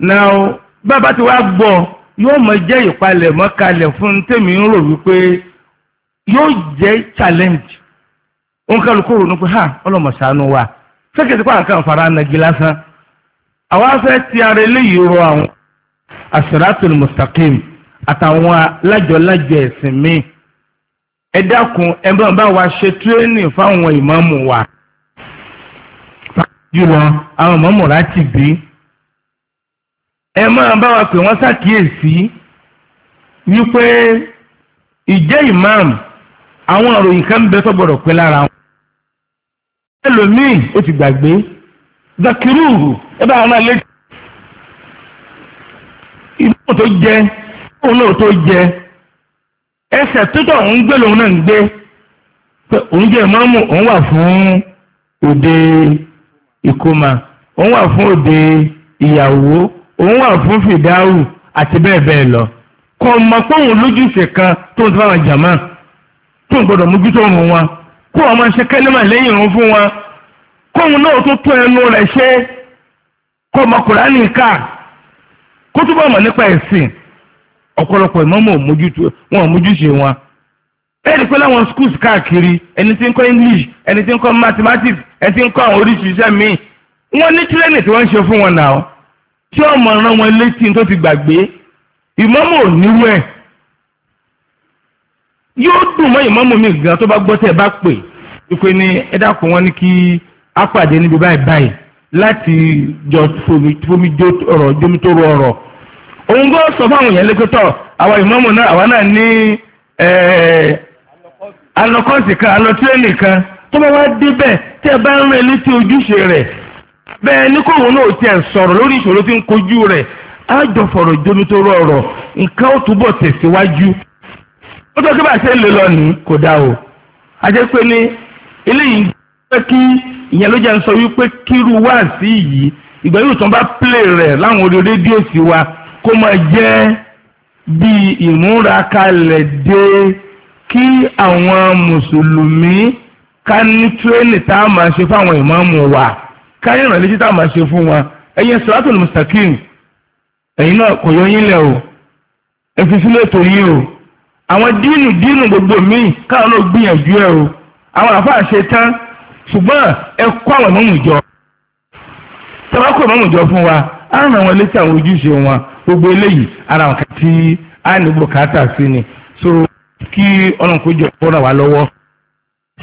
now bàbá tí wàá gbọ́ yóò mọ jẹ́ ìpalẹ̀mọ́ kalẹ̀ fún tèmi ń rò wípé yóò jẹ́ challenge ònkálukú ronú pé ha ọlọ́mọ̀sánú wa sẹ́kẹ̀tì pàrọ̀ kan fara nàgí lásán àwọn afẹ́ ti ara eléyìí rọ àwọn asiratul mustaqim àtàwọn lájọlájọ ẹ̀sìn míì ẹ dákun ẹ bá bá wa ṣe tírénì fáwọn ìmáàmù wa jùlọ àwọn ìmáàmù rà ti bí ẹ máa bá wa pè wọ́n ṣàkíyèsí wípé ìjẹ́ imam àwọn òròyìn kan bẹ tó gbọdọ̀ pé lára wọn. ẹlòmíì ó ti gbàgbé zakiru ẹ bá wọn lé. ìmọ̀ tó jẹ òun náà tó jẹ ẹsẹ̀ tótọ̀ òun gbé lòun náà ń gbé òun jẹ́ ìmọ̀ọ́mù òun wà fún òde ìkómà òun wà fún òde ìyàwó òun wà fún fìdáhù àti bẹ́ẹ̀ bẹ́ẹ̀ lọ kò mọ̀ pé òun lójúṣe kan tó ń fáwọn jàmá tó ń gbọdọ̀ mójútó òun wọn kó ọmọ ṣe kẹ́lẹ́mà lẹ́yìn òun fún wọn kóun náà tó tún ẹnu rẹ̀ ṣe kó mọ̀ kùránì ká kó túbọ̀ mọ̀ nípa ẹ̀sìn ọ̀pọ̀lọpọ̀ ìmọ̀mọ̀ wọn mójúṣe wọn ẹni pé láwọn schools káàkiri ẹni tí ń kọ́ English ẹni tí ń kọ́ mathematics ẹni tí ń kọ́ àwọn oríṣiríṣi míì wọ́n ní tírénì tí wọ́n ń ṣe fún wọn náà tí ọmọ rán wọn létí tó ti gbàgbé ìmọ̀mù ò nírú ẹ̀ yóò dùn mọ́ mi gan tó bá gbọ́ tẹ̀ bá pè ìpè ní ẹ dákun wọn ní kí á pàdé níbi báyìí láti jọ fomi jó ọ̀rọ̀ jómi tó ro sọ fáwọn èèyàn àwa náà àwa náà ní eh, alọ́kọ́sì kan alọ́tírẹ́nì kan tó bá wá débẹ̀ tẹ́ bá ń rẹ bẹ́ẹ̀ ní kóhun náà tiẹ̀ sọ̀rọ̀ lórí ìṣòro tí ń kojú rẹ̀ á jọ fọ̀rọ̀ jómi tó rọrọ̀ nǹkan ó túbọ̀ tẹ̀síwájú ó tó kí bá ṣe ń lè lọ ní kò dá o àti pé ní eléyìí pé kí ìyẹn ló jẹ́ ń sọ wípé kírú wá sí yìí ìgbà yóò tán bá plé rẹ̀ láwọn orí rédíò sí wa kó máa jẹ́ bí ìmúra kalẹ̀ dé kí àwọn mùsùlùmí ká ní tírẹ́nì tá a máa ṣe fáwọn ìmáàmù wa. káyọ̀ ìrànlẹ́ na táwọn máa ṣe fún wa ẹ̀yin sọ́tò mùsàkìm ẹ̀yin náà kò yọ yín lẹ̀ o ẹ fi sílẹ̀ tó yín o àwọn díìnù díìnù gbogbo míì káwọn náà gbìyànjú ẹ o àwọn àfáà ṣe tán ṣùgbọ́n ẹ kọ́ àwọn fún wa á ràn wọn létí àwọn ojúṣe wọn gbogbo eléyìí ara a nílò sí ni so kí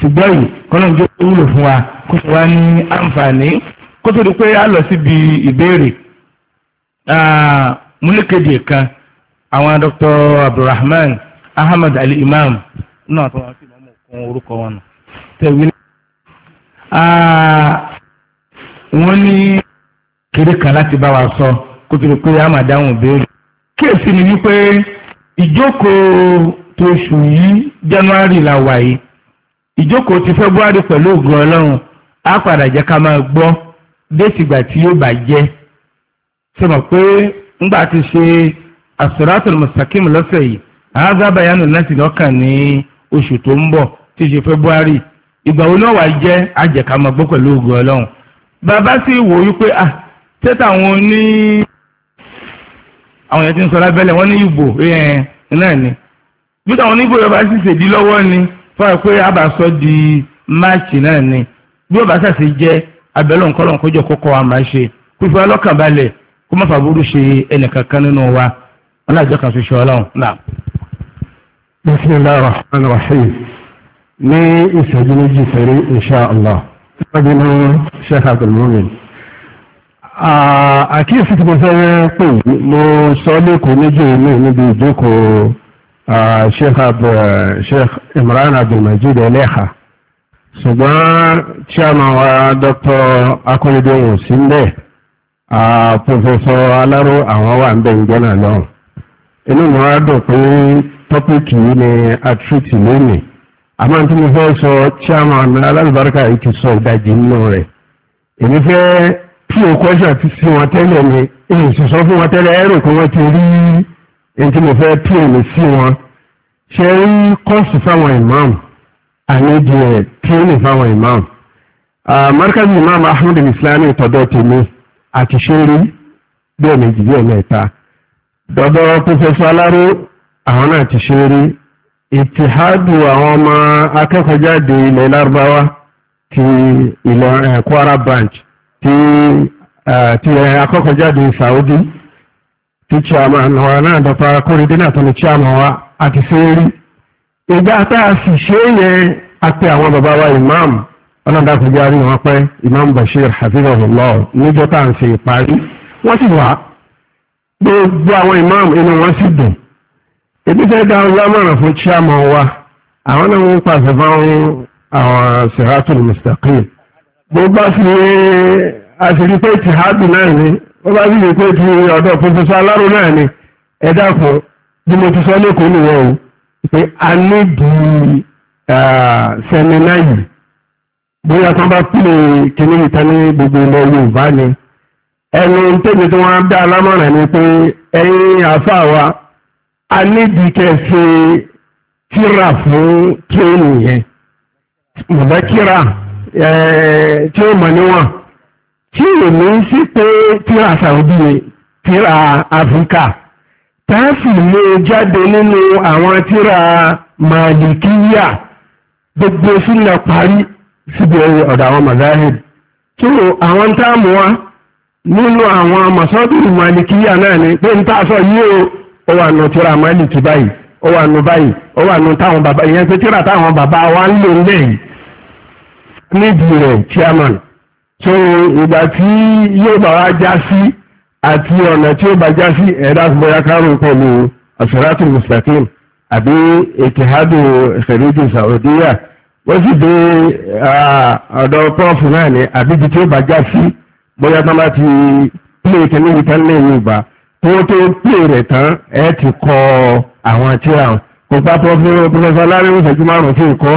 ṣùgbọ́n yìí kọ́lọ́n jẹ́ wúlò fún wa kó sì wá ní àǹfààní kó tó di pé a lọ síbi ìbéèrè múlékèdè kan àwọn Dr. Abdulrahman Ahmed Ali Imam náà tó wọn sì máa mọ òkun orúkọ wọn nù tẹ̀wé wọ́n ní kéré kan láti bá wa sọ kó tó di pé a máa dáhùn ìbéèrè kíyèsí ni wípé ìjókòó tóṣù yìí January la wà yìí ìjókòó ti february pẹ̀lú ògùn ọlọ́run á padà jẹ́ ká máa gbọ́ déètìgbà tí yóò bá jẹ́ ṣe mọ̀ pé ńgbà ti ṣe asuratul musakim lọ́sẹ̀ yìí àádábàyánu láti lọ́kàn ní oṣù tó ń bọ̀ tí ṣe february ìgbà wo náà wà jẹ́ àjẹká máa gbọ́ pẹ̀lú ògùn ọlọ́run bàbá sì wò ó pé ah tẹ́tà àwọn oní àwọn yẹn ti ń sọ lábẹ́lẹ̀ wọ́n ní ìbò náà ni bí táwọn oníbò yorùbá sì ṣèdí lọ́wọ́ ni fún ẹ pé abàṣọ di máàcì náà ni bí ọba sàṣe jẹ abẹ́lẹ̀ nǹkan kọjọ kọ́kọ́ wa máa ṣe fífi ọlọ́kàn balẹ̀ kó má fàbúrú ṣe ẹnìkankan nínú wa ọlọ́jọ́ kan ṣoṣo ọlọ́run náà. bisimilahi rahman rahim ní ìṣẹ́jú méjì fẹ́rẹ́ inṣàlá ìpàdé ní sheikh abdulmumin àkíyèsí tí mo fẹ́ pè mo sọ lẹ́kọ̀ọ́ méjì mi níbi ìjókòó sheikh sheikh imran abdulmajid eleha ṣùgbọ́n chairman wa dr akolide osinde professor alaro àwọn wà ń bẹ̀ ń gbọ́nà lọ́hùn inú mi wá dùn pé tọ́pìkì yìí ni a tírìtì lónìí àmọ́ tí mo fẹ́ sọ chairman alábàárìkà yìí ti sọ ìdajì nínú rẹ̀ èmi fẹ́ pí òkú ẹ̀ṣà ti sí wọn tẹ́lẹ̀ ni èyí sọ fún wọn tẹ́lẹ̀ ẹ̀rù pé wọ́n ti rí i ẹni tí mo fẹ́ pm sí wọn ṣe rí kọ́ọ̀sì fáwọn imam àníjì ẹ̀ pm fáwọn imam markazi imam ahmed islami tọ̀dọ̀ tèmi àti ṣeré bí ẹ̀mẹ̀jì bí ẹ̀mẹ̀ta dọ̀dọ̀ pọfẹsọ aláró àwọn náà ti ṣeré ìtìhádù àwọn ọmọ akẹ́kọ̀ọ́jáde ilẹ̀ lárúbáwá ti ilẹ̀ eh, kwara branch ti eh, eh, akọ́kọ̀ọ́jáde saudi tí chairman wa náà dr akóredé náà tó ní chairman wa àti sẹ́ẹ̀rì ìgbà tá a sì ṣe é yẹn àti àwọn bàbá wa ku ọlọ́dàkùnjẹ́ àrí wọn imam bashir hafizahullah níjọ́ tá à ń ṣe ìparí wọ́n sì wá gbogbo àwọn imam inú wọn sì dùn ebi tẹ́ dá wọn lámọ̀ràn fún chairman wa àwọn náà wọ́n pàṣẹ fáwọn àwọn siratul mustaqim gbogbo àti àṣírí pé tìhábì náà ni ó bá sì lè pé ti ọ̀dọ̀ pòfẹ́sọ aláró náà ni ẹ dákun bí mo ti sọ lẹ́kọ̀ọ́ nìwọ̀n o pé a nídìí sẹ́mínà yìí bóyá tó bá pè kíní ìta ní gbogbo ilẹ̀ Yorùbá ni ẹnu tẹ́mi tí wọ́n dá alámọ̀ràn ni pé ẹ̀yin àfa wa a nídìí kẹsì tíra fún tírénì yẹn mọ̀lẹ́kíra tí ó mọ̀ níwọ̀n tí èmi ń sí pé tíra Saudi ni tíra Áfíríkà táàsì lè jáde nínú àwọn tíra Màlìkíyà gbogbo sínú parí síbi ọ̀dọ̀ àwọn mazahid tí àwọn táàmù wa nínú àwọn masọ́dúrù Màlìkíyà náà ni pé ń tàṣọ yìí ó wà nù tíra Màlìkí báyìí ó wà nù báyìí ó wà nù táwọn bàbá ìyẹn pé tíra táwọn bàbá wa ń lò ń lẹ́yìn níbi rẹ̀ chairman so ìgbà tí yóò bá wá já sí àti ọ̀nà tí ó bá já sí ẹ̀dá àgbọ̀yá kárùn pẹ̀lú asiratu mustaqim àbí ìtìhádù ìfẹ̀lójú saudiya wọ́n sì dé ọ̀dọ̀ pọ́ọ̀fù náà ní àbíbi tí ó bá já sí bóyá tó máa ti pílè kínní ìta ní ìlú ìbá tó tó pílè rẹ̀ tán ẹ ti kọ àwọn àti àwọn kò bá pọ́ọ̀fù pọ́fẹ́sọ alárẹ́wọ̀sẹ̀ márùn-ún fi kọ́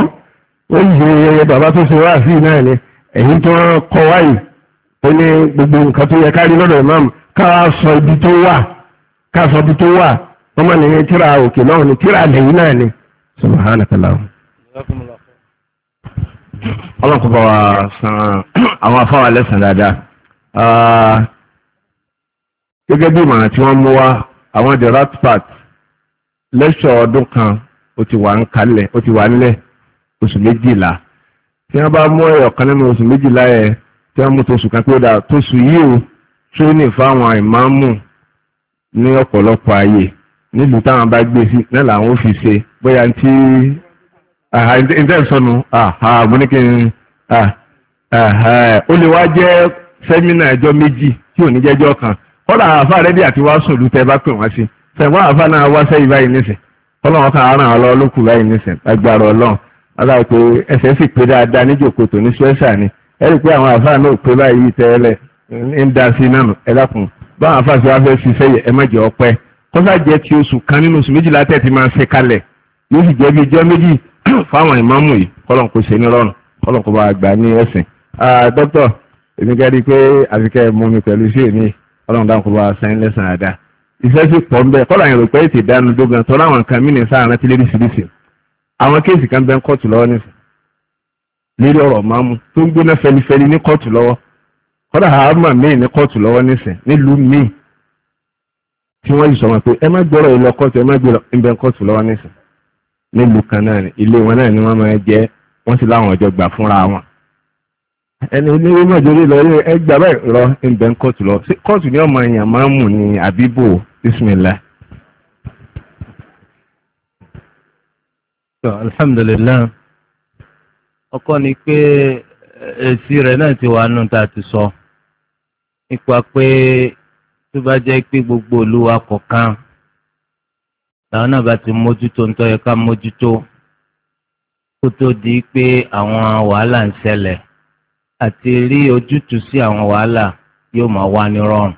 ó yìí bàbá tó ṣe wá sí náà ni èyí tó kọ wáyé ó ní gbogbo nǹkan tó yẹ kárí lọ́dọ̀ imam ká sọ ibi tó wà ká sọ ibi tó wà wọ́n mọ̀ nìyẹn tíra òkè náà ni tíra lẹ́yìn náà ni subhanaka lahum. ọlọ́run kò bá wa san àwọn afáwà lẹ́sàn dáadáa ah, gẹ́gẹ́ bí ìmọ̀ràn tí wọ́n mú wá àwọn the rat pack lẹ́sọ̀ ọdún kan ó ti wà ń kalẹ̀ ó ti wà nílẹ̀ oṣù méjìlá tí wọ́n bá mú ẹ̀yọ̀ kan nínú oṣù méjìlá ẹ̀ tí wọ́n mú tóṣù kan pé ó dà tóṣù yìí o tírénì fáwọn ìmáàmù ní ọ̀pọ̀lọpọ̀ ààyè nílùú táwọn bá gbé sí náà làwọn ò fi ṣe bóyá tí ìtẹ́sọ̀nù mo ní kí n ó lè wá jẹ́ sẹ́mínà ẹjọ́ méjì tí ò ní jẹ́jọ́ kan kọ́dà àfa rẹ́dí àti wá sùn lùtẹ́ bá pè wọ́n sí ṣẹ̀gbọ́n àfa náà wá sẹ́yìn báyìí nísìn ọlọ́run kan àárọ̀ ọlọ́ọ̀lọ́kù báyìí nísìn agbára ọlọ́run ọlọ́run pé ẹsẹ̀ sì pé dáadáa níjòkó tòní ṣẹ́ṣà ni ẹ rí i pé àwọn àfáà náà pé báyìí tẹ́lẹ̀ ń da sí náà nù ẹ dákun báwọn àfáà sì wá fẹ́ ṣiṣẹ́ yẹ ẹ má jẹ́ ọpẹ́ kọ́sà jẹ́ ti oṣù kan nínú oṣù méjìlá tẹ̀ ti máa ṣe kalẹ̀ yóò sì jẹ́ bí ijọ́ méjì fáwọn ìmáàmù yìí kọ́lọ́n kò ṣe ní rọrùn kọ́lọ́n kò bá gbà ní ẹ̀sìn. dókítà èmi gẹ́gẹ́ di pé àfikẹ́ mú mi pẹ̀lú iṣẹ́ mi kọ́lọ́n dáhùn kò bá sẹ́yìn lẹ́sàn-án àdá iṣẹ́ sì pọ̀ ń bẹ́ẹ̀ kọ́lọ́n àyẹ̀rò pé ètè ìdánudógan tọ́lá àwọn nǹkan mí àwọn kéèsì kan bẹ ń kọ́ọ̀tù lọ́wọ́ ní lérí ọ̀rọ̀ máàmù tó ń gbóná fẹlifẹli ní kọ́ọ̀tù lọ́wọ́ kọ́dà hàámà míì ní kọ́ọ̀tù lọ́wọ́ nísìn nílùú míì tí wọ́n yìí sọ wọn pé ẹ má gbọ́rọ̀ ìlọ kọ́ọ̀tù ẹ má gbọ́rọ̀ ń bẹ kọ́ọ̀tù lọ́wọ́ nísìn nílùú kan náà ni ilé wọn náà ni wọ́n máa jẹ́ wọ́n sì láwọn ọjọ́ gbà fúnra wọn ẹni oníwé mọ̀jọ́rí lọ ẹ gbà bẹ́ẹ̀ rọ alhamdulilayi ọkọ ni pé èsì eh, rẹ̀ náà ti wà nù tá a ti sọ nípa pé tó bá jẹ́ pé gbogbo olúwa kọ̀ọ̀kan làwọn náà bá ti mójútó ń tọ́yẹ ká mójútó kó tó di pé àwọn wàhálà ń ṣẹlẹ̀ àti rí ojútùú sí àwọn wàhálà yóò máa wá ní rọrùn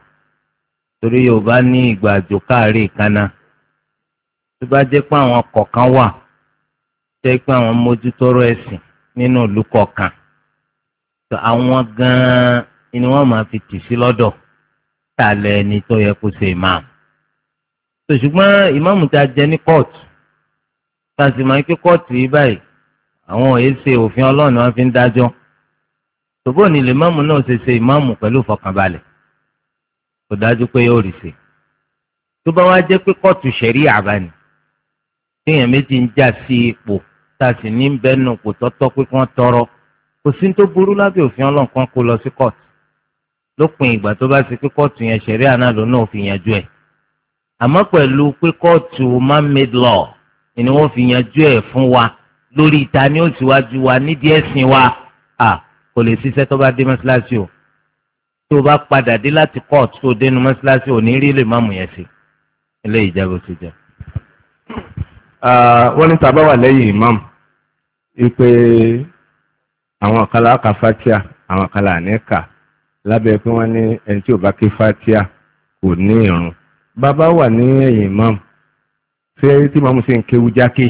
torí Yorùbá ní ìgbà àjò káàrí ìkànnà tó bá jẹ́ pé àwọn kọ̀ọ̀kan wà jẹ́ pé àwọn mójútóró ẹ̀sìn nínú ìlú kọ̀ọ̀kan àwọn gan-an ni wọ́n máa fi tì sí lọ́dọ̀ tá a lẹ ẹni tó yẹ kó ṣe ìmáàmù. ṣùgbọ́n ìmáàmù tá a jẹ ní kóòtù tá a sì máa ń pé kóòtù yìí báyìí àwọn òye ṣe òfin ọlọ́run wọn fi ń dájọ́ tòbó ni lè máàmù náà ṣe ṣe ìmáàmù pẹ̀lú ìfọkànbalẹ̀ kò dájú pé yóò rí ṣe tó bá wá jẹ́ pé kóòtù ṣẹ̀rí àbáni téèyàn méjì ń jà sí ipò tá a sì ní bẹ́nu kò tọ́tọ́ pé kí wọ́n tọrọ kò sí tó burú lábẹ́ òfin ọlọ́nkan kó lọ sí kóòtù lópin ìgbà tó bá ti pé kóòtù yẹn ṣẹ̀rí àná ló náà fi yanjú ẹ̀ àmọ́ pẹ̀lú pé kóòtù man-made law ni wọ́n fi yanjú ẹ̀ fún wa lórí ìta ni ó ti wájú wa nídìí ẹ̀sìn wa à kò lè ṣiṣẹ́ tó bá dé mọ́ṣáláṣí o tó bá padà dé láti kóòtù tó dénú mọ́ṣáláṣí ò ní rí lè má mú yẹn sí ilé ìjábọ̀ ti jẹ. wọ́n ní tàbá wà lẹ́yìn ìmáàmù ipe àwọn kan láka fatia àwọn kan là ní kà pé wọ́n ní ẹni tí ò bá ké fatia kò ní ìrun bàbá wà ní ẹ̀yìn imam ṣé tí màmú sì ń kéwu jákè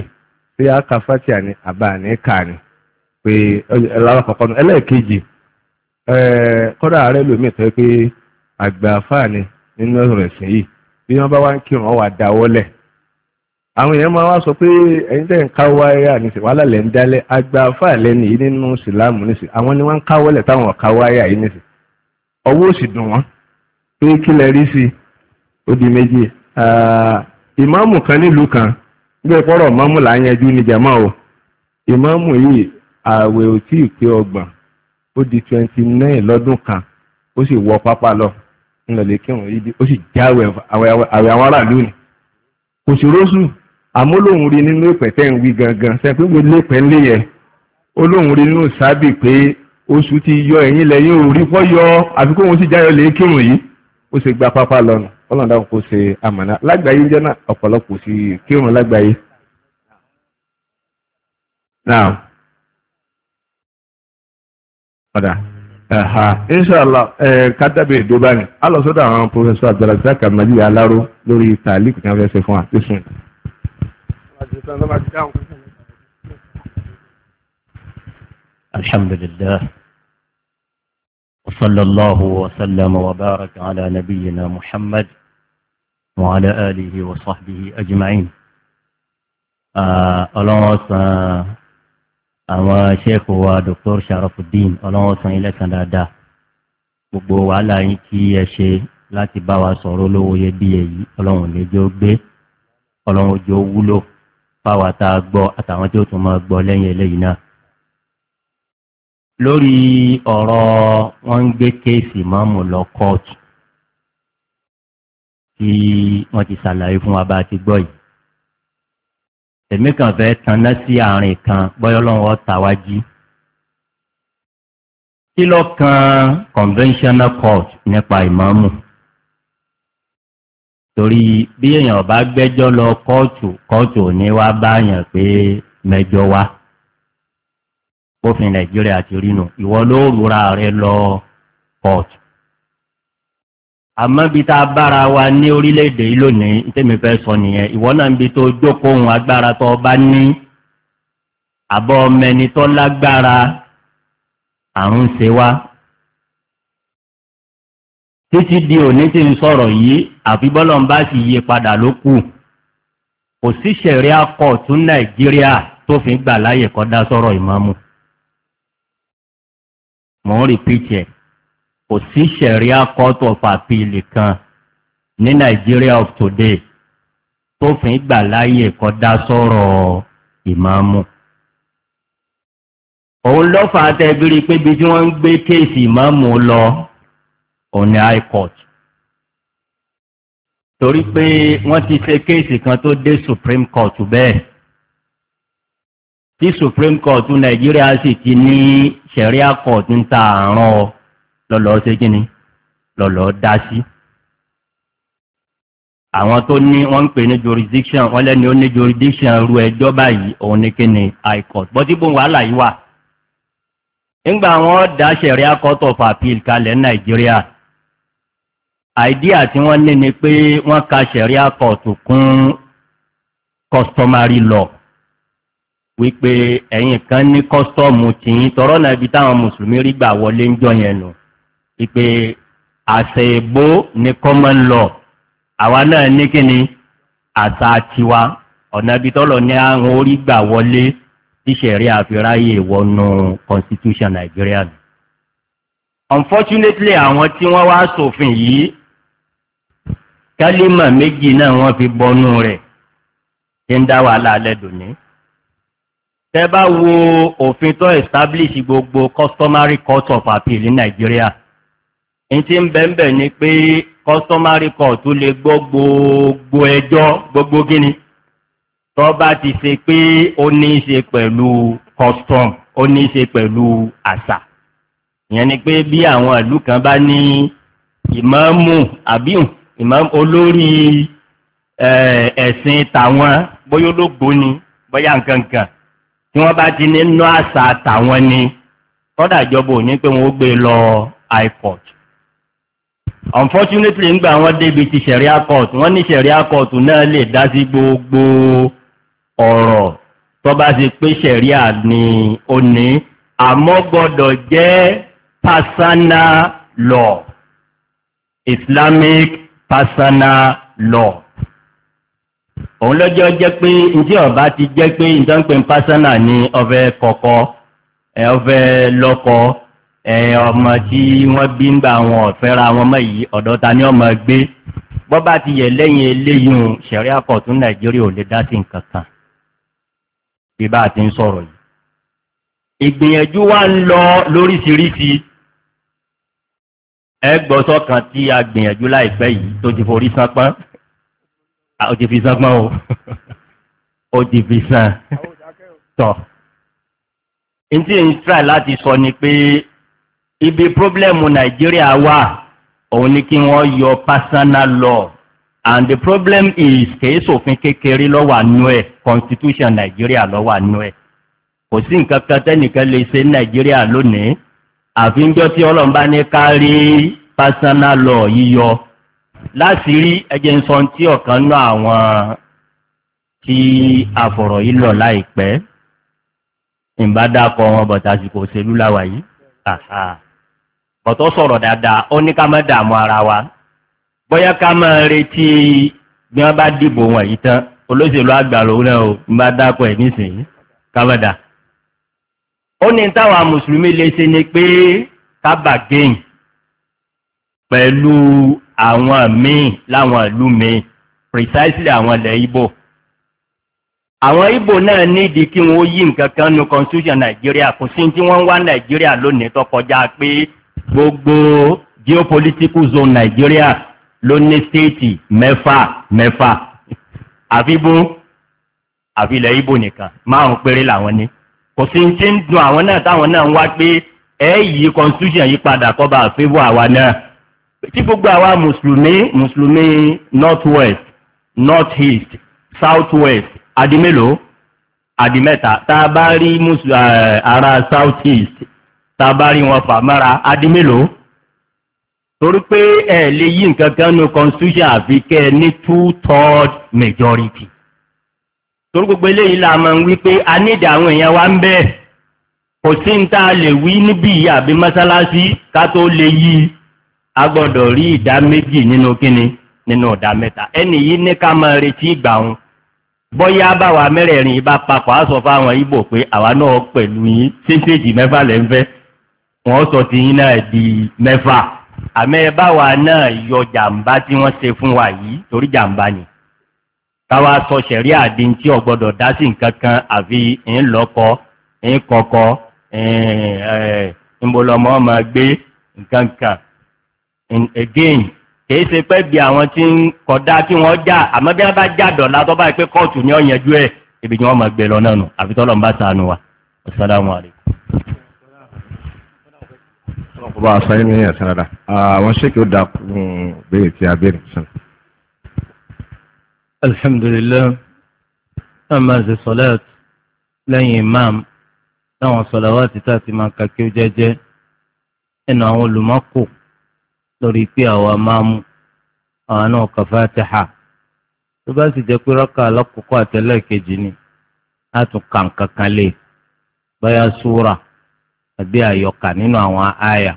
ṣé àka fatia ni àbá ní kà ni pé ẹlọ́kọ̀ọ́kọ́ nu ẹlẹ́ẹ̀kejì kọ́dà ààrẹ lòmíì sọ pé àgbà àfáà ni nínú ẹ̀sìn yìí bí wọ́n bá wá ń kírun ó dáwọ́lẹ̀ àwọn èèyàn máa wá sọ pé ẹ̀yin tẹ́ ń káwọ́ ayé àníṣe wàhálà lẹ́ ń dálẹ̀ àgbà fàlẹ́ nìyí nínú sìláàmù níṣe àwọn ni wọ́n ń káwọ́lẹ̀ táwọn káwọ́ ayé àyè níṣe ọwọ́ òsì dùn wọ́n pé kí lẹ rí sí ó di méjì ìmáàmù kan nílùú kan gbé pọ́rọ̀ mọ́mù là ń yanjú ní jàmá o ìmáàmù yìí ààwẹ̀ ò tí ì pé ọgbọ̀n ó di twenty nine lọ́dún kan ó sì wọ pápá lọ ńlọlẹ́kẹ́wọ̀n yìí ó sì jáwẹ̀ àwẹ̀ àwọn aráàlú ni kò sí rósù àmúlòhùn rí nínú ìpẹ̀tẹ́ ń wí gangan sẹ́pẹ́ wo lépẹ́ ńlé yẹn olóhùn rí nínú sábì pé oṣù ti yọ ẹ̀yìn lẹ́yìn orí fọ́ yọ àfikún òun sì jáyọ lè kírun yìí ó ṣe gba pápá lọ́nà ọlọ́run dáhùn kó ṣe àmàna lágbàáyé jẹ́ náà ọ̀pọ̀lọpọ̀ sí kírun lágbàáyé. now ọ̀dà ẹ̀ha inṣàlá ẹ̀ kátàbí ìdóbá ni a lọ sọ́dọ̀ àwọn pòfẹ́sọ̀ Abdulrasaq Amadi Alaro lórí tàlíkù tí wọ́n fẹ́ ṣe fún àtúnṣe. الحمد لله وصلى الله وسلم وبارك على نبينا محمد وعلى آله وصحبه أجمعين ọlọ́wọ́ san àwọn ṣẹ́ẹ̀kù wa dr sharafuddin ọlọ́wọ́ san ilé kan dáadáa gbogbo wàhálà yín kí ẹ ṣe láti bá wa sọ̀rọ̀ olówó yẹ bí èyí ọlọ́wọ́n lè jọ gbé ọlọ́wọ́n jọ wúlò fáwọn tá a gbọ́ àtàwọn tí ó tún máa gbọ́ lẹ́yìn eléyìí náà. lórí ọ̀rọ̀ wọ́n ń gbé kéèsì mọ́mù lọ kóòtù tí wọ́n ti ṣàlàyé fún wa bá ti gbọ́ yìí. èmi kàn fẹ́ tanná sí àárín kan bọ́yọ́ lọ́wọ́ tàwájí. kí ló kan conventional court nípa ìmọ̀ọ́mù? torí bí èèyàn bá gbẹ́jọ́ lọ kóòtù kóòtù ò ní wá báyàn pé mẹjọ wá bófin nàìjíríà ti rínu ìwọ ló rúra rẹ lọ kóòtù àmọ́ bí tá a bára wa ní orílẹ̀-èdè yìí lónìí tèmi fẹ́ sọ nìyẹn ìwọ náà ń bi tó jókòó agbára tó o bá ní àbọ̀ mẹni tó lágbára àrùn ṣe wá títí di òní tí ń sọ̀rọ̀ yìí àfi bọ́lọ̀ ń bá sì yí padà ló kù kò sí ṣẹ̀ríà kọ̀ọ̀tún nàìjíríà tó fi gbà láyè kọ́dá sọ̀rọ̀ ìmáàmù mò ń rìpíìtì kò sí ṣẹ̀ríà kọ́ọ̀tù ọ̀fà àpìlì kan ní nàìjíríà of today tó fi gbà láyè kọ́dá sọ̀rọ̀ ìmáàmù òun lọ́fà àtẹ̀bírí pé bí tí wọ́n ń gbé kéèsì ìmáàmù lọ òní high court torí pé wọ́n ti ṣe kéèsì kan tó dé supreme court bẹ́ẹ̀ tí supreme court nàìjíríà sì ti ní sẹ̀ríà court ń ta àrùn ọ lọ́lọ́ ṣe kí ni lọ́lọ́ dá sí. àwọn tó ní wọ́n ń pè ní jurisdiction wọ́n lẹ́ni ó ní jurisdiction ru ẹjọ́ báyìí òun ní kí ni high court bọ́tí bó wàhálà yìí wà. nígbà wọn dá sẹ̀ríà court of appeal kalẹ̀ nàìjíríà àìdíà tí wọ́n ní ni pé wọ́n ka sẹ̀ríà kọ̀ọ̀tù kún customary law wípé ẹ̀yìn kan ní kọ́sítọ́ọ̀mù tìyín tọrọ náà ibi táwọn mùsùlùmí rí gbà wọlé ń jọ nù wípé àṣẹ ìbò ní common law àwa náà ní kíni àṣà tiwa ọ̀nà ibi tọ́lọ̀ ní àwọn orí gbà wọlé tí sẹ̀ríà fi wọnú constitution Nàìjíríà unfortunately àwọn tí wọ́n wá sòfin yìí kálímà méjì náà wọ́n fi bọnú rẹ̀ tí ń dá wàhálà alẹ́ dòní. tẹ́ bá wo òfin tó establish gbogbo customary court of appeal ní nàìjíríà ní ti ń bẹ́ẹ̀ ni pé customary court tó lè gbọ́ gbogbo ẹjọ́ gbogbo gíní tó bá ti ṣe pé ó ní í ṣe pẹ̀lú custom ó ní í ṣe pẹ̀lú àṣà ìyẹn ni pé bí àwọn ìlú kan bá ní ìmáàmù àbíùn imam olórí ẹ̀sìn tàwọn bóyá olóògbó ni bóyá nkankan tí wọ́n bá ti ní nọ́ àṣà tàwọn ni kọ́dà ìjọba ò ní pé wọ́n ó gbé e lọ high court unfortunately ń gbà wọn débi ti sẹ̀ríà kóòtù wọ́n ní sẹ̀ríà kóòtù náà lè dá sí gbogbo ọ̀rọ̀ tó bá ṣe pé sẹ̀ríà ni ó ní àmọ́ gbọ́dọ̀ jẹ́ personal law islamic personal law òun lọ́jọ́ jẹ́ pé ntí ọba ti jẹ́ pé nǹkan pé personal ni ọfẹ́ kọ́kọ́ ọfẹ́ lọ́kọ́ ọmọ tí wọ́n bí ń gba àwọn wọn mọ̀ yìí ni ọmọ gbé bọ́ba ti yẹ lẹ́yìn eléyìí hùn àkọ́tún nàìjíríà ò lè dá sí nǹkan a ti ẹ gbọ́ sọ́kàn tí a gbìyànjú láìpẹ́ yìí tó ti forí sápá ó ti fi sápá o ó ti fi sàn tọ̀. ntí n tíra láti sọ ni pé ibi pírọ́blẹ́mù nàìjíríà wà òun ni kí wọ́n yọ personal law and the problem is kìí sòfin kékeré lọ́wọ́ àánú ẹ̀ constitution nàìjíríà lọ́wọ́ àánú ẹ̀ kò sí nǹkan kan tẹ́nìkan lè ṣe nàìjíríà lónìí àfihàn tí ọlọ́run bá ní ká rí pásánà lọ yíyọ láti rí ẹjẹ sọ tí ọ̀kan nú àwọn tí àfọ̀rọ̀ yìí lọ láìpẹ́ ìbádàkọ wọn bọ̀tà àsìkò òṣèlú làwà yìí bọ̀tọ̀ sọ̀rọ̀ dáadáa ó ní ká má dààmú ara wa bóyá ká máa retí bí wọ́n bá dìbò wọ̀nyí tán olóṣèlú àgbà náà ìbádàkọ ẹ̀ nísìnyí ká má dàá ó ní táwa mùsùlùmí lè ṣe ni pé kábà gẹ́yìn pẹ̀lú àwọn míì láwọn ìlú míì precisely àwọn ilẹ̀ ibo àwọn ibo náà nídìí kí wọn ó yí nǹkan kan nu constitution nàìjíríà kò sí tí wọn ń wá nàìjíríà lónìí tó kọjá pé gbogbo geopolitical zone nàìjíríà ló stéètì mẹ́fà mẹ́fà àfi bó àfi ilẹ̀ ibo nìkan márùn péré làwọn ní kò sí ti ń dun àwọn náà táwọn náà ń wá pé ẹ yí constitution yí padà kọ́ bá favour àwa náà tí gbogbo àwa mùsùlùmí mùsùlùmí north west north east south west adimelo adimẹta tá a bá rí ara south east tá a bá rí wọn fà mára adimelo torí pé ẹ lè yí nǹkan kan nu constitution àfi kẹ ní two third majority torí gbogbo eléyìí là máa ń wí pé a nídìí àwọn èèyàn wa ń bẹ́ẹ̀ kò sí ní tá a lè wí níbí àbí mọ́sálásí ká tó lè yí a gbọ́dọ̀ rí ìdá méjì nínú kínní nínú ọ̀dà mẹ́ta ẹnì yìí ní ká máa retí ìgbà wọn bọ́yá báwa mẹ́rẹ̀ẹ̀rin yìí bá papọ̀ á sọ fáwọn le pé àwa náà pẹ̀lú yín mẹ́fà wọ́n sọ ti yín náà di mẹ́fà àmẹ́ báwa náà ni káwá sọ sẹ̀rí àdín tí ò gbọ́dọ̀ dá sí nǹkan kan àfi ń lọ́kọ ń kọkọ ń bọ́lọ́mọ́ máa gbé nǹkan kan again kìí ṣe pé bí àwọn tí ń kọ̀dá kí wọ́n já àmọ́ bí wọ́n bá já dọ̀la tó báyìí pé kóòtù ni ó yanjú ẹ̀ ibi ni wọ́n máa gbé lọ náà nù àfi tọ́lọ́ ń bá sànù wa. asalaamu alaykum. ọlọ́kùnrin bá a sọ yín ní ẹ̀sán dáadáa ah, àwọn ṣéèkì ó dà kún un béèrè tí a béèrè الحمد لله أما زي صلاة لين إمام لو صلوات تاتي ما كاكيو جاجي إنه أقول مكو لوريتي أو أمامو àwọn náà kà fatiha tó bá sì jẹ́ pé rákà alákòókò àtẹlẹ́kejì ni á tún kà nǹkankan lé báyà súra àbí àyọkà nínú àwọn àyà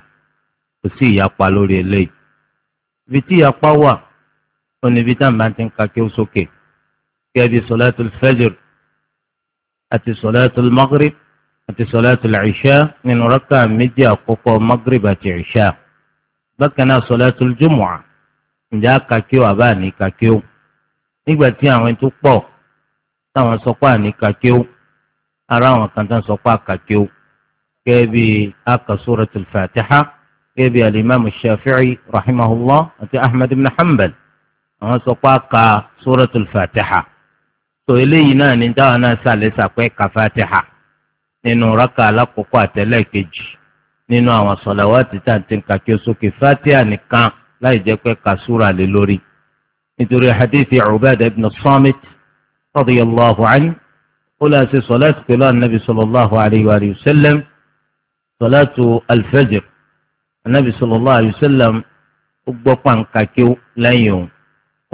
kò sí ìyapa lórí eléyìí ibi tí ìyapa wà ó níbi tá à ń bá ti ń ka kí ó sókè kí ẹ di sọláàtù fẹjọ àti sọláàtù magrib àti sọláàtù ìṣá nínú rákà méjì àkọ́kọ́ magrib àti ìṣá bákan náà sọláàtù jùmọ̀à ǹjẹ́ àkàkí ó àbá ní kàkí ó nígbà tí àwọn tó pọ̀ táwọn sọ pé àní kàkí ó ara àwọn kan tán sọ pé àkàkí ó gẹ́gẹ́ bí àkà suratul fatiha gẹ́gẹ́ bí alimami shafi'i rahimahullah àti ahmed ibn hanbal àwọn sọ pé a ka suratul fatiha tó eléyìí náà ní táwọn náà sàlẹ̀ sàpẹ́ ka fatiha nínú raka alákọ̀ọ́kọ́ àtẹlẹ́ kejì nínú àwọn sọ̀làwátì tá à ń ti ka kí o sókè fatiha nìkan láì jẹ́ pé ka súra lé lórí nítorí hadithi Ubadah ibn Samit radiyallahu anhu ó lè ṣe sọ̀láàtì pẹ̀lú anabi sallallahu alayhi wa sallam sọ̀láàtù alfajr anabi sallallahu alayhi wa sallam gbọ́ pàǹkà kí ó lẹ́yìn òun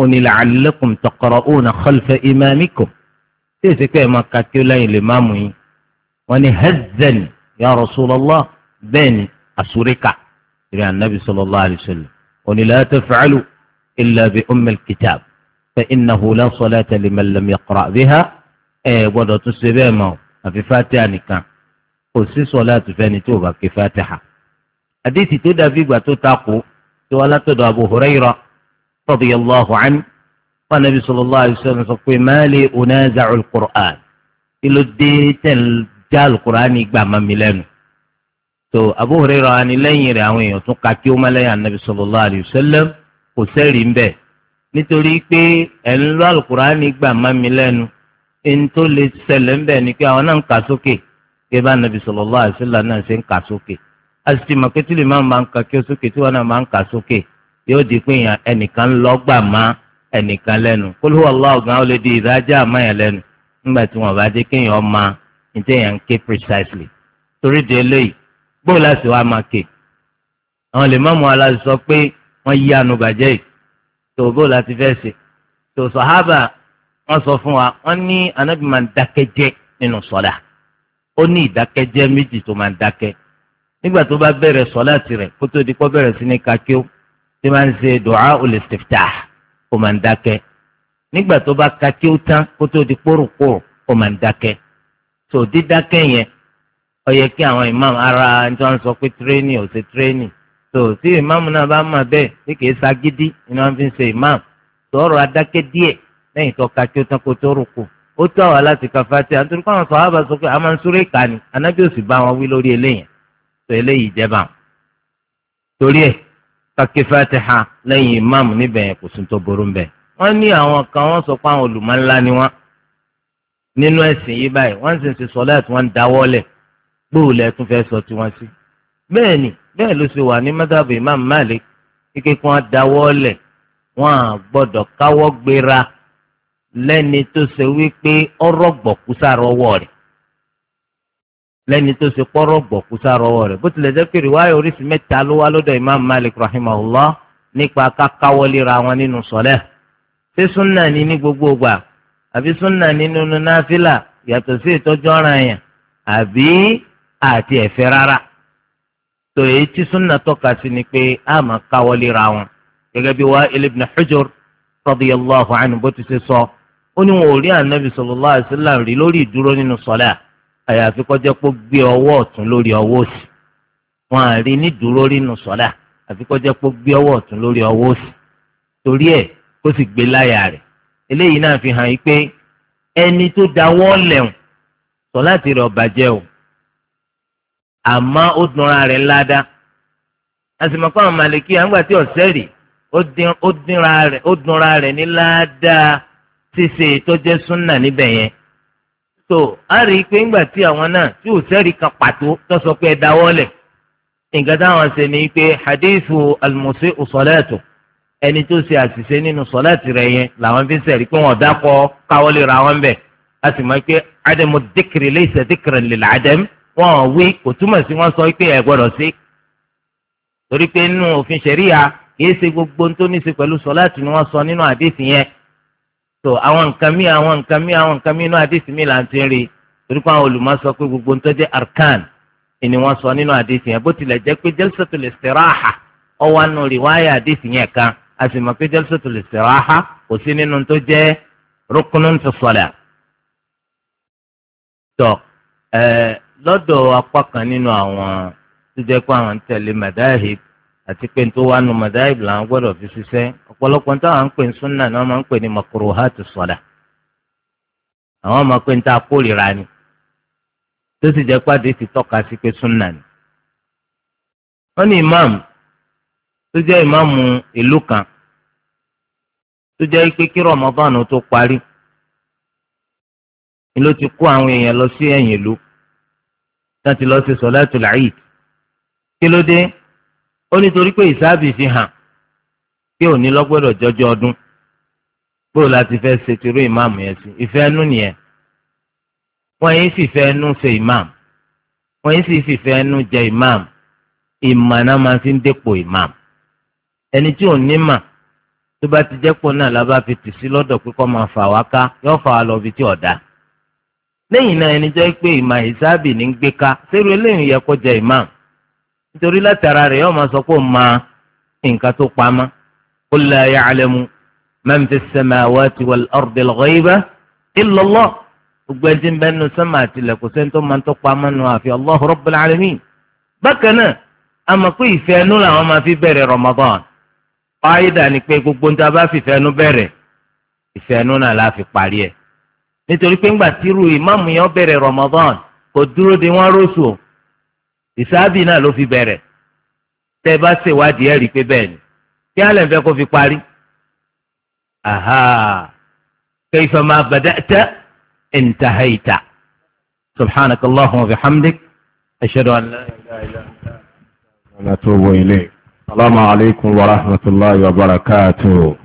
òní la'allakum taqra'una khalfa imamikum tí èsì pé ẹ máa ka kí ó lẹ́yìn lè má mú yín wọ́n ní hazzan ya rasulallah bẹ́ẹ̀ ni àsúríkà ìrìn ànábì sallallahu alayhi wa sallam òní la taf'alu illa bi ummil kitab fa innahu la salata liman lam yaqra' biha ẹ gbọ́dọ̀ tún ṣe bẹ́ẹ̀ mọ́ àfi fatiha nìkan kò sí sọlá àtúfẹ́ni tí ò bá ké fatiha. àdéhìí tó dàbí ìgbà tó takò tí wọ́n látọ̀dọ̀ Abu Hurairah رضي الله عنه، nàbí sallallahu alaihi wasallam sọ pé ma li unaza'u القرآن quran ديت ló dé tẹ̀ ń تو al-Qur'an gbà má mi lẹ́nu. tó Abu Hurairah ni lẹ́yìn rẹ̀ àwọn èèyàn tún ka kí ó má lẹ́yìn ànàbí sallallahu alaihi wasallam kò sẹ́rìí ń bẹ̀ nítorí pé ẹ̀ ń lọ al-Qur'an gbà má mi lẹ́nu ntó lè ṣẹlẹ̀ ńbẹ̀ ni pé àwọn náà ń kà sókè kí bá nàbì sallallahu alaihi náà ṣe ń kà sókè a sì máa ń ka kí ó sókè tí wọn náà máa ń kà sókè yóò di pé yàn ẹnìkan lọ́gbà má ẹnìkan lẹ́nu kólú ọlọ́ọ̀ ó lè di lẹ́nu nígbà tí wọ́n bá dé kéèyàn ọma ní téèyàn ń ké precisely torí di eléyìí gbóò láti wá máa ké àwọn lè mọ́mú aláṣẹ sọ pé wọ́n yí àánú bàjẹ́ yìí tó gbóò láti fẹ́ ṣe sọ fún wa wọ́n ní anábì máa ń nínú sọ́dà ó ní méjì tó máa ń dákẹ́ nígbà tó bá bẹ̀rẹ̀ tí máa ń ṣe dùá olùsèftà ó máa ń dákẹ́ nígbà tó bá ka kí ó tán kó tó di kpórùkpórù ó máa ń dákẹ́ tó dídákẹ́ yẹn ó yẹ kí àwọn imam ara ẹni tó ń sọ pé tírénì ò ṣe tírénì tó tí imam náà bá máa bẹ́ẹ̀ ní kìí ságídí iná fi ń ṣe imam tọrọ adákẹ́ díẹ̀ lẹ́yìn tó ka kí ó tán kó tó rúkú ó tó àwọn aláti ka fati àtúntò káwọn sọ àbá sọ pé a máa ń súré kàní anábì ó bá wọn wí lórí eléyìí tó eléyìí jẹba torí ẹ̀ kàkí fatiha lẹ́yìn imam níbẹ̀ yẹn kò sùn tó burú bẹ́ẹ̀. wọ́n ní àwọn kan wọ́n sọ pé àwọn olùmọ̀ńlá ni wọ́n nínú ẹ̀sìn yìí báyìí wọ́n sì ń ṣe sọlá tí wọ́n ń dáwọ́lẹ̀ gbóòlẹ̀ tún fẹ́ sọ tiwọn sí. bẹ́ẹ̀ ni bẹ́ẹ̀ ló ṣe wà ní mọ́tàbí imam malik kíkẹ́ kí wọ́n dáwọ́lẹ̀ wọ́n á gbọ́dọ̀ káwọ́ gbéra lẹ́ni tó ṣe wípé ọ̀rọ̀ gbọ̀kúsà rọwọ́ rẹ̀ lẹ́ni tó ṣe pọ́rọ̀ gbọ̀kú sárọ́wọ́ rẹ̀ bó tilẹ̀ jẹ́ pé rìwáyà oríṣi mẹ́ta ló wá lọ́dọ̀ imam malik rahimahullah nípa kákáwọléra wọn nínú sọlẹ̀ ṣé súnà ní ní gbogbo ìgbà àbí súnà ní nínú náfìlà yàtọ̀ sí ìtọ́jú ọ̀ràn yẹn àbí àti ẹ̀fẹ́ rárá tó èyí tí súnà tọ́ka sí ni pé a máa káwọléra wọn gẹ́gẹ́ bí Wa'il ibn Hujr radiyallahu anhu bó ti ṣe sọ ó ní wọn ò rí ànábì sallallahu àyàfi kọjá pé gbé ọwọ́ ọ̀tún lórí ọwọ́ òsì wọn à rí nídùúró nínú sọ́lá àfi kọjá pé gbé ọwọ́ ọ̀tún lórí ọwọ́ òsì torí ẹ̀ kó sì gbé láyà rẹ̀ eléyìí náà fi hàn yí pé ẹni tó dáwọ́ lẹ̀hùn sọ́lá ti rọ̀ bàjẹ́ o àmọ́ ó dunra rẹ̀ ńláda àsìmọ̀kọ́ àwọn màlìkí àgbà tí ọ̀sẹ́ rì ó dunra rẹ̀ ní ládàá ṣíṣe ìtọ́jẹ́ súnà níbẹ̀ yẹn so a rí i pé ńgbà tí àwọn náà tí ò sẹ́rí kan pàtó tó sọ pé ẹ dáwọ́ lẹ̀ nǹkan táwọn ṣe ni pé hadithu almusi usolẹ́tò ẹni tó ṣe àṣìṣe nínú sọlẹ́tì rẹ̀ yẹn làwọn fi sẹ̀rí pé wọ́n dákọ̀ káwọ́ ra wọn bẹ̀ a sì mọ̀ pé adamu dikiri laysa dikiran lil adam wọn wí kò túmọ̀ sí wọn sọ pé ẹ gbọ́dọ̀ sí torí pé nínú òfin ṣẹ̀ríya kì í ṣe gbogbo tó ní ṣe pẹ̀lú so àwọn nǹkan mi àwọn nǹkan mi àwọn nǹkan mi inú àdìsí mi là ń ti rí torí àwọn olùmọ̀ sọ pé gbogbo nǹkan arkan ni wọ́n sọ nínú àdìsí yẹn bó tilẹ̀ jẹ́ pé jalsatul istiraha ọwọ́ nù rìwáyà àdìsí yẹn kan a sì mọ̀ pé jalsatul istiraha kò sí nínú tó jẹ́ rukunun fi sọlẹ̀. tọ́ ẹ lọ́dọ̀ apá kan nínú àwọn tó jẹ́ pé àwọn tẹ̀lé madahib àti pé tó wà nù madahib làwọn gbọ́dọ̀ ọ̀pọ̀lọpọ̀ nítorí àwọn ń pè ní ni wọ́n máa ń pè ní sọ̀dà àwọn máa pè ní tá ti tọ́ka sí pé súnà ni. wọ́n ní ìmáàmù tó jẹ́ ìmáàmù ìlú kan tó jẹ́ pé kí tó parí ti kó àwọn èèyàn lọ sí ẹ̀yìn ìlú láti lọ sí sọ̀láàtù kí ló dé ó nítorí pé ìsáàbì fi pé òní lọ́gbọ́dọ̀ jọjọ́ ọdún bó láti fẹ́ ṣètìrú ìmáàmù yẹn sí ìfẹ́ ẹnu nìyẹn wọ́n yìí fìfẹ́ ẹnu ṣe ìmáàmù wọ́n yìí sì Imam? ẹnu jẹ ìmáàmù ìmọ̀nà máa fi ń dépò ìmáàmù ẹni tí ò ní mà tó bá ti jẹ́pọ̀ náà lábá fi tì sí lọ́dọ̀ pé kọ́ máa fà wá ká yóò fà wá lọ bí tí ọ̀dà lẹ́yìn náà ẹni jẹ́ pé ìmọ̀ ìsáàbì ní gbé ká sẹ́rù eléyìí yẹ kó jẹ ìmáàmù nítorí látara rẹ̀ قل لا يعلم من في السماوات والأرض الغيبة إلا الله وقبلتين بأنه سمعت لك وسنتم من تقوى منها في الله رب العالمين بكنا أما كوي فانو لا وما في بر رمضان قاعدة أنك بيكو كنت أبا في فانو بر فانو لا في قارية nítorí pé ńgbà tí ru ìmáàmù yẹn bẹ̀rẹ̀ Ramadan kò dúró de wọn rọ́ṣù ìsáàbì náà ló fi bẹ̀rẹ̀ tẹ́ bá ṣèwádìí ẹ̀ pé bẹ́ẹ̀ ni kí a lè fẹ́ kó fi parí. aha kayfa ma bada'ta intahaita subhanaka allahumma wa bihamdik ashhadu an la ilaha illa anta astaghfiruka wa atubu ilayk. assalamu alaykum wa rahmatullahi wa barakatuh.